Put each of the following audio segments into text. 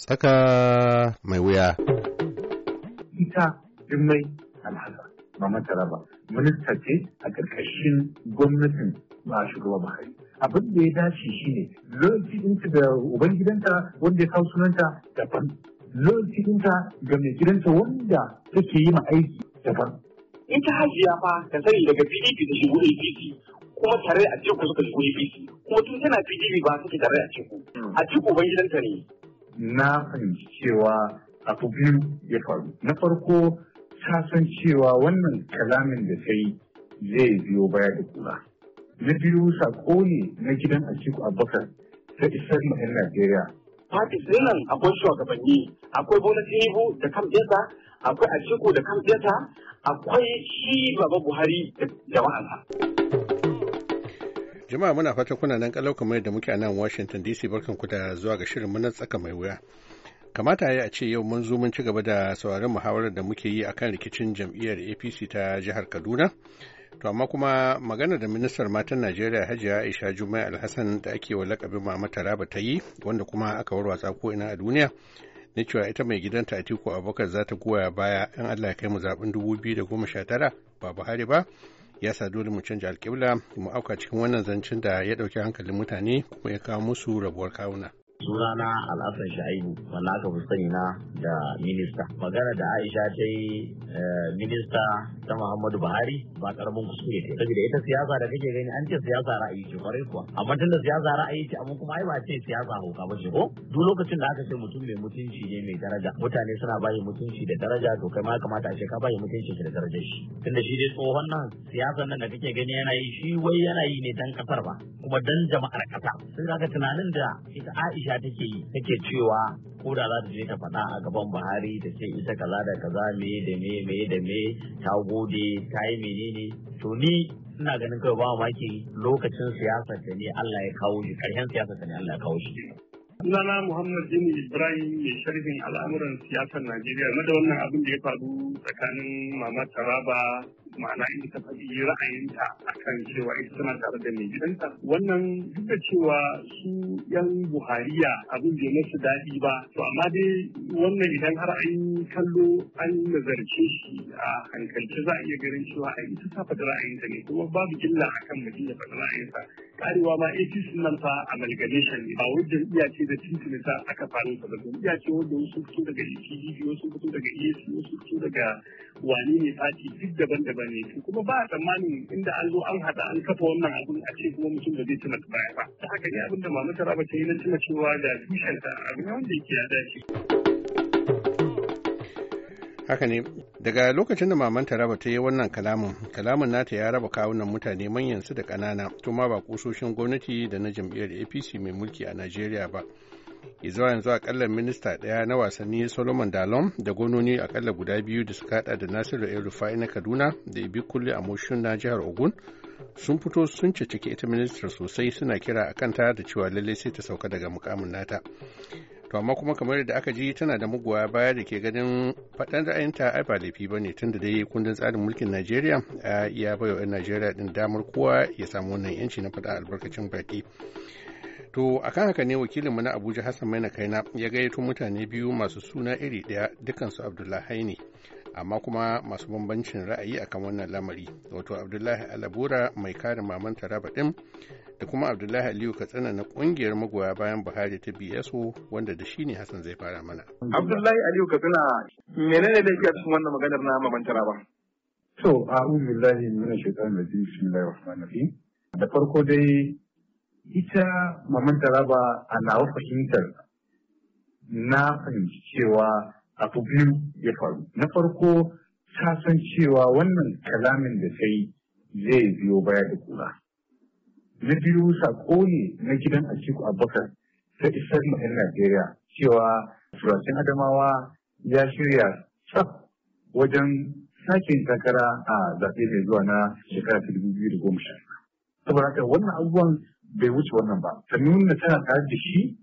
Tsaka mai wuya. Ita Jummai Alhassan, Mama Taraba, minista ce a ƙarƙashin gwamnatin ba shugaba Buhari. Abin da ya dace shi shine lokacinta da ubangidanta wanda ya kawo sunanta daban. Lokacinta ga mai gidanta wanda take yi ma aiki daban. Ita hajiya fa ka sani daga PDP da shigo APC kuma tare a cikin suka shigo APC kuma tun tana PDP ba suke tare a cikin. A cikin ubangidanta ne. na fahimci cewa abu biyu ya faru na farko ta san cewa wannan kalamin da ta yi zai biyo baya da kula na biyu sako ne na gidan atiku abubakar ta isar mu 'yan najeriya parties din nan akwai shugabanni akwai bola tinubu da kan akwai atiku da kan akwai shi baba buhari da wa'aza. Jama'a muna fata kuna nan kalau kamar yadda muke a nan Washington DC barkan ku da zuwa ga shirin na tsaka mai wuya. Kamata ya a ce yau mun zo mun ci gaba da sauraron muhawarar da muke yi akan rikicin jam'iyyar APC ta jihar Kaduna. To amma kuma magana da ministar matan Najeriya Hajiya Aisha jumai Alhassan da ake wa lakabin Mama Taraba ta yi wanda kuma aka warwatsa ko ina a duniya. na cewa ita mai gidanta Atiku Abubakar za ta goya baya in Allah ya kai mu dubu biyu da goma sha tara ba Buhari ba ya sa dole mu canja alƙibla mu auka cikin wannan zancen da ya ɗauki hankalin mutane kuma ya kawo musu rabuwar kawuna. sunana al'asan sha'ibu wanda aka fi sani na da minista magana da aisha ta yi eh, minista ta muhammadu buhari ba karamin kuskure ce saboda ita siyasa da kake gani an ce siyasa ra'ayi ce kwarai kuwa amma tunda siyasa ra'ayi ce amma kuma ai ba ce siyasa hauka ba ce ko duk lokacin da aka ce mutum mai mutunci ne mai daraja mutane suna bayi mutunci da daraja to kai ma kamata a ce ka bayi mutunci da darajar shi tunda shi dai tsohon nan siyasan nan da kake gani yana yi shi wai yana yi ne dan kasar ba kuma dan jama'ar kasa sai ka tunanin da ita Aisha Aisha take yi take cewa ko za ta je ta faɗa a gaban Buhari ta ce ita kaza da kaza me da me me da me ta gode ta yi menene to ni ina ganin kawai ba maki lokacin siyasa ta ne Allah ya kawo shi karshen siyasa ta ne Allah ya kawo shi Sunana Muhammad Jini Ibrahim mai sharhin al'amuran siyasar Najeriya game da wannan abin da ya faru tsakanin Mama Taraba ma'ana inda ta faɗi ra'ayinta a kan cewa ita tana tare da mai gidanta wannan duk da cewa su yan buhariya abin bai masu daɗi ba to amma dai wannan idan har an yi kallo an nazarce shi a hankalce za a iya ganin cewa a ita ta faɗi ra'ayinta ne kuma babu gilla akan mutum ya faɗi ra'ayinsa karewa ma APC nan fa a ne ba wadda jam'iyya ce da cikin ta aka faru da ba iya ce wanda wasu fito daga ECDB wasu fito daga ESU wasu fito daga wani ne fati duk daban-daban ne kuma ba a tsammanin inda an zo an haɗa an kafa wannan abun a ce kuma mutum da zai tuna baya ba ta haka ne abin da mamata raba ta yi na cewa da tushenta abin wanda yake ya dace. haka ne daga lokacin da maman taraba ta yi wannan kalamin kalamin nata ya raba kawunan mutane manyan su da kanana to ma ba kusoshin gwamnati da na jam'iyyar apc mai mulki a najeriya ba zuwa yanzu akalla minista ɗaya na wasanni solomon dalon da gononi akalla guda biyu da suka haɗa da nasiru el rufai na kaduna da ibi kulle a moshin na jihar ogun sun fito sun cece ita ministar sosai suna kira a kanta da cewa lallai sai ta sauka daga mukamin nata to amma kuma kamar da aka ji tana da muguwa baya da ke ganin faɗan ra'ayinta ai ba laifi ba ne tunda dai kundin tsarin mulkin najeriya ya baiwa 'yan najeriya din damar kowa ya samu wannan yanci na faɗa albarkacin baki to akan haka ne wakilinmu na abuja hassan maina kaina ya gayyato mutane biyu masu suna iri ɗaya dukansu abdullahi ne amma kuma masu bambancin ra'ayi akan wannan lamari wato abdullahi alabura mai kare maman taraba ɗin da kuma Abdullahi Aliyu Katsina na kungiyar magoya bayan Buhari ta BSO wanda da shi ne Hassan zai fara mana. Abdullahi Aliyu Katsina menene da yake cikin wannan maganar na mabantara ba? To, a'udhu billahi nuna shaitanir rajim. Bismillahir rahmanir rahim. Da farko dai ita mabantara ba a nawa fahimtar na fahimci cewa abu biyu ya faru. Na farko ta san cewa wannan kalamin da ta yi zai biyo baya da kula. na biyu sako ne na gidan Atiku Abubakar ta isar ma 'yan Najeriya cewa turacin Adamawa ya shirya tsaf wajen sake takara a zaɓe mai zuwa na shekara ta dubu biyu da goma sha saboda haka wannan abubuwan bai wuce wannan ba ta nuna tana tare da shi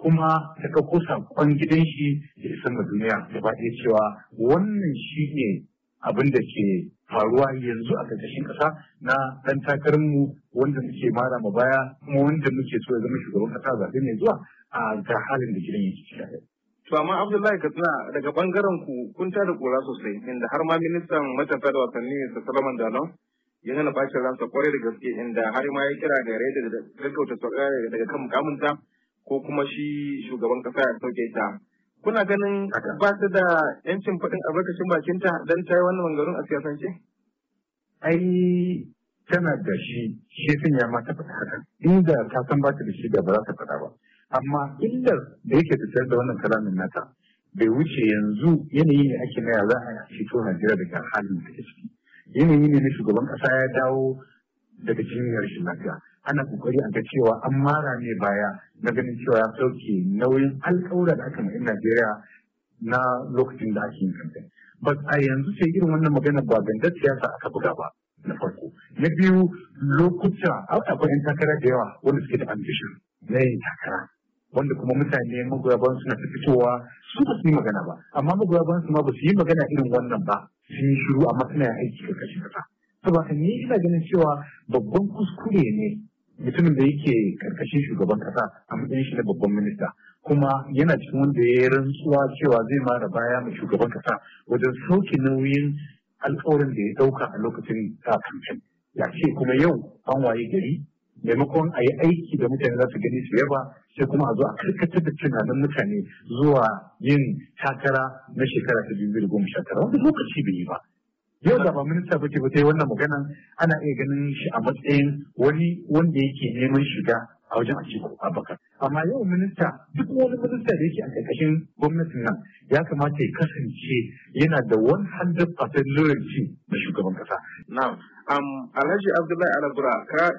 kuma ta ɗauko saƙon gidan shi da isan ga duniya gaba ɗaya cewa wannan shi ne abin da ke faruwa yanzu a ƙarƙashin ƙasa na ɗan takararmu wanda muke mara ma baya kuma wanda muke so ya zama shugaban ƙasa zaɓe mai zuwa a ga halin da gidan yake ciki. To amma Abdullahi Katsina daga bangaren ku kun tada kura sosai inda har ma ministan matasa da wasanni Mr. Salaman Dalon ya nuna bacin ransa kwarai da gaske inda har ma ya kira gare da gaggauta daga kan mukamunta ko kuma shi shugaban ƙasa ya sauke ta. kuna ganin ba su da yancin faɗin albarkacin bakinta don ta yi wannan mangarun a siyasance? Ai, tana da shi, shi sun ya mata faɗa haka. Inda ta san ba ta da shi da ba za ta faɗa ba. Amma inda da yake fitar da wannan kalamin nata bai wuce yanzu yanayi ne ake na za a fito Najeriya daga halin da ke ciki. Yanayi ne na shugaban ƙasa ya dawo daga jinyar shi lafiya. ana kokari a ga cewa an mara ne baya na ganin cewa ya sauke nauyin alƙawura da aka mai Najeriya na lokacin da ake yin kamfen. Ba a yanzu sai irin wannan magana ba gandar siyasa aka buga ba na farko. Na biyu lokuta akwai 'yan takara da yawa wanda suke da ambition na yin takara. wanda kuma mutane magoyaban suna ta fitowa su ba su yi magana ba amma magoyaban su ma ba su yi magana irin wannan ba sun yi shiru amma suna aiki ga kashi kasa to ni ina ganin cewa babban kuskure ne mutumin da yake karkashin shugaban kasa a matsayin shi na babban minista kuma yana cikin wanda ya rantsuwa cewa zai mara baya mai shugaban kasa wajen sauki nauyin alkawarin da ya dauka a lokacin ta kamfen ya ce kuma yau an waye gari maimakon a yi aiki da mutane za su gani su yaba sai kuma a zo a karkatar da tunanin mutane zuwa yin takara na shekara ta biyu goma sha tara wani lokaci bai yi ba yau da ba minista ba ke ba yi wannan magana ana iya ganin shi a matsayin wani wanda yake neman shiga a wajen cikin Abubakar. Amma yau minista duk wani minista da yake a ƙarƙashin gwamnatin nan ya kamata ya kasance yana da 100% loyalty da shugaban kasa Um, Alhaji Abdullahi Alabura, ka,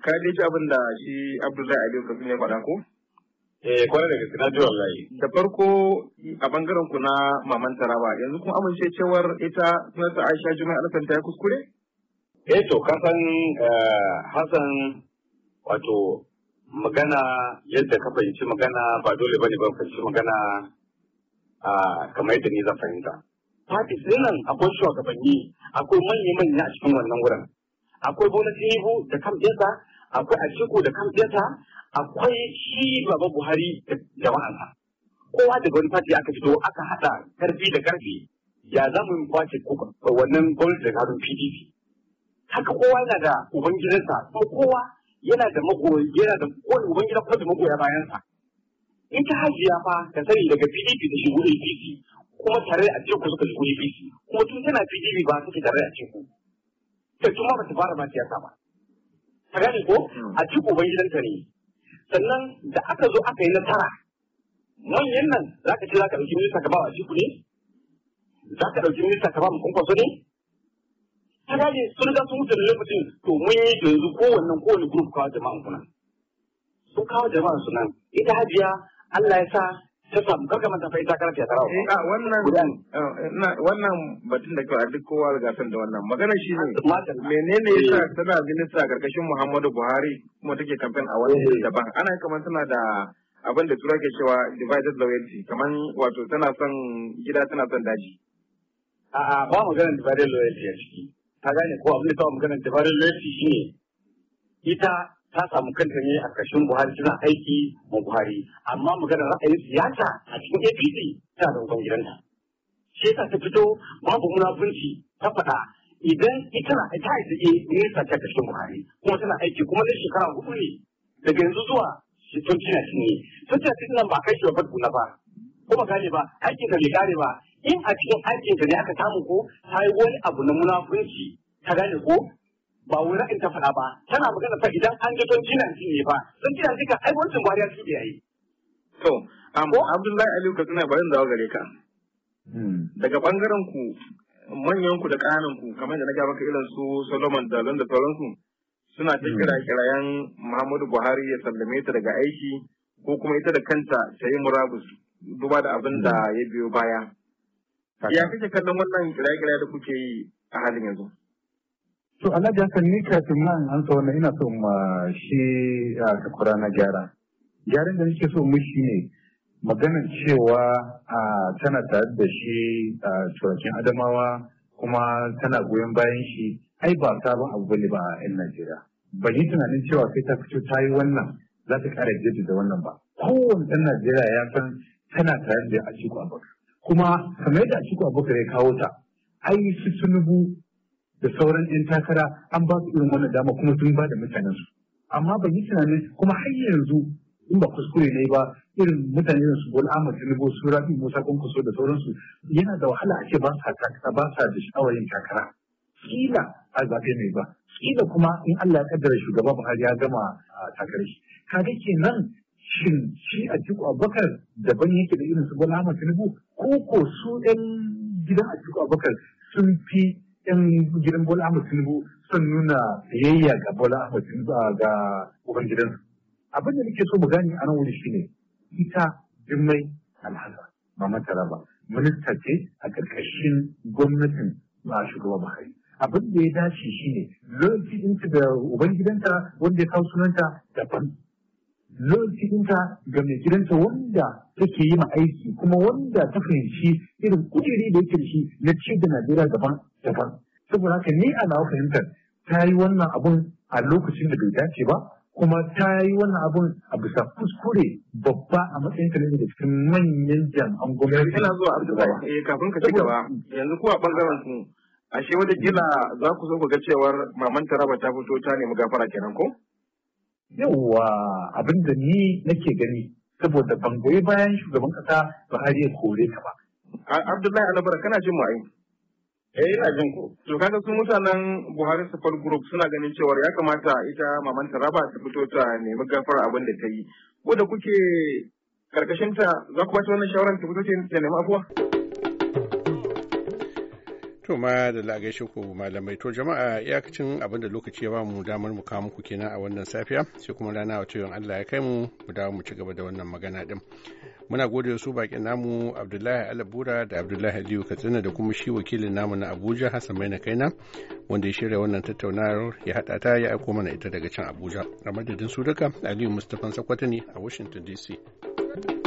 ka abin da shi Abdullahi Aliyu faɗa ko? Eh kwarai da gaske na ji wallahi. Da farko a bangaren ku na maman Taraba yanzu kun amince cewar ita sunanta Aisha Juma'a Alhassan ta kuskure? Eh to kasan eh, Hassan wato magana yadda ka fahimci magana ba dole bane ba fahimci magana kamar yadda ni zan fahimta. Fati sai nan akwai shugabanni akwai manya-manya a cikin wannan wurin. Akwai Bola Tinubu da kamfinsa, akwai Ashiko da kamfinsa, akwai shi baba buhari da jama'ansa kowa da wani fati aka fito aka haɗa karfi da karfi ya zama mu kwace wannan gwamnati da garin pdp haka kowa yana da ubangidansa ko kowa yana da magoyi yana da ubangida ko da magoya bayansa in ta hajiya fa ka sani daga pdp da wuri PDP kuma tare a cikin suka wuri PDP kuma tun tana pdp ba suke tare a cikin ta tuma ba ta fara ma siyasa ba ka gane ko hmm. a cikin ubangidanta ne sannan da aka zo aka yi nasara manyan nan za ka ce za ka ɗauki minista ka ba wa shi kuɗi? za ka ɗauki minista ka ba mu kwankwaso ne ta gane sun riga sun wuce lokacin to mun yi to yanzu kowannen kowane group kawo jama'an kuna sun kawo jama'an sunan ita hajiya Allah ya sa ta samu kanka manta sai ta karanta ta eh, wannan wannan batun da a duk kowa riga san da wannan magana shi ne menene yasa eh. tana minista karkashin Muhammadu Buhari kuma take kamfen a wani eh. daban ana kamar tana da abin da tura ke cewa divided loyalty kamar wato tana son gida tana son daji a'a ba maganar divided loyalty a ciki ta gane ko abin da ta maganar divided loyalty shine ita ta samu kanta ne a ƙarshen Buhari suna aiki ma Buhari amma maganar ra'ayin siyasa a cikin APC ta da uban gidanta. Sai ta ta fito babu munafunci ta faɗa idan ita na ta yi nesa ta ƙarshen Buhari kuma tana aiki kuma zai shekara hudu ne daga yanzu zuwa tun cina shi ne tun tuna shi nan ba kai shi fadu na ba kuma gane ba aikin ka bai gane ba in a cikin aikin ka ne aka samu ko ta yi wani abu na munafunci ka gane ko ba wai ra'in ta faɗa ba tana magana fa idan an ji don jinan ne ba don jinan ka ai wancan gwariya su da yi to abdullahi aliyu ka suna bari dawo gare ka hmm. daga bangaren ku manyan ku da ƙananan ku kamar da na ga maka irin su Solomon da London suna ta hmm. kira kirayen Muhammadu Buhari ya sallame ta daga aiki ko kuma ita da kanta ta yi murabus duba da abin da hmm. ya biyo baya. Ya kake kallon wannan kiraye-kiraye da kuke yi a halin yanzu? To Alhaji Hassan ni kafin nan an sa wannan ina so ma shi a kakura na gyara. Gyaran da nake so mu shi ne maganar cewa tana tare da shi a turakin Adamawa kuma tana goyon bayan shi ai ba sabon abu bane ba a 'yan Najeriya. Ban yi tunanin cewa sai ta fito ta yi wannan za ta ƙara da wannan ba. Kowane ɗan Najeriya ya san tana tare da Atiku Abubakar. Kuma kamar yadda Atiku Abubakar ya kawo ta ai su Tinubu da sauran 'yan takara an ba su irin wannan dama kuma sun ba da mutanen su amma ban yi tunanin kuma har yanzu in ba kuskure ne ba irin mutane su bol Ahmad Tinubu su Rabi Musa Kunkuso da sauransu yana da wahala a ce ba sa takara ba sa da sha'awar takara kila a zaɓe mai ba kila kuma in Allah ya kaddara shugaba Buhari ya gama takarar shi kaga kenan shin shi a Jiko abubakar daban yake da irin su Bola Ahmad Tinubu ko ko su ɗan gidan a Jiko abubakar sun fi 'yan gidan Bola ahmad Tinubu sun nuna biyayya ga Bola ahmad Tinubu ga uban gidansu. Abin da nake so mu gani a nan wuri shine ita Jummai Alhassan Mama Taraba minista ce a ƙarƙashin gwamnatin ba shugaba Buhari. Abin da ya dace shine lokacin da uban gidanta wanda ya kawo sunanta daban lokacinta ga mai gidanta wanda take yi ma aiki kuma wanda ta fahimci irin kujeri da yake shi na ci da Najeriya daban daban. Saboda haka ni a nawa fahimtar ta yi wannan abun a lokacin da bai dace ba kuma ta yi wannan abun a bisa kuskure babba a matsayin ta da cikin manyan jami'an gwamnati. Ina zuwa Abdullahi eh, kafin ka ci gaba yanzu kuwa bangaren su ashe wata gina za ku so ku ga cewar maman Taraba ta fito ta nemi gafara kenan ko? Yawwa abin da ni nake gani saboda ban goyi bayan shugaban kasa ba har ya kore ta ba. Abdullahi Alabara kana jin mu Eh ina jin ku. To kaga su mutanen Buhari Support Group suna ganin cewa ya kamata ita maman raba ta fito ta nemi gafar abin da ta yi. Ko da kuke karkashin ta za ku ba ta wannan shawaran ta fito ta nemi afuwa? To ma da la'agaishe ku malamai to jama'a iyakacin abin da lokaci ya ba mu damar mu kawo muku kenan a wannan safiya sai kuma rana wato yawan Allah ya kai mu mu dawo mu ci gaba da wannan magana din. Muna gode su bakin namu Abdullahi Alabura da Abdullahi Aliyu Katsina da kuma shi wakilin namu na Abuja Hassan Maina Kaina wanda ya shirya wannan tattaunawar ya haɗa ta ya aiko mana ita daga can Abuja. A madadin su duka Aliyu Mustapha Sakwatani a Washington DC.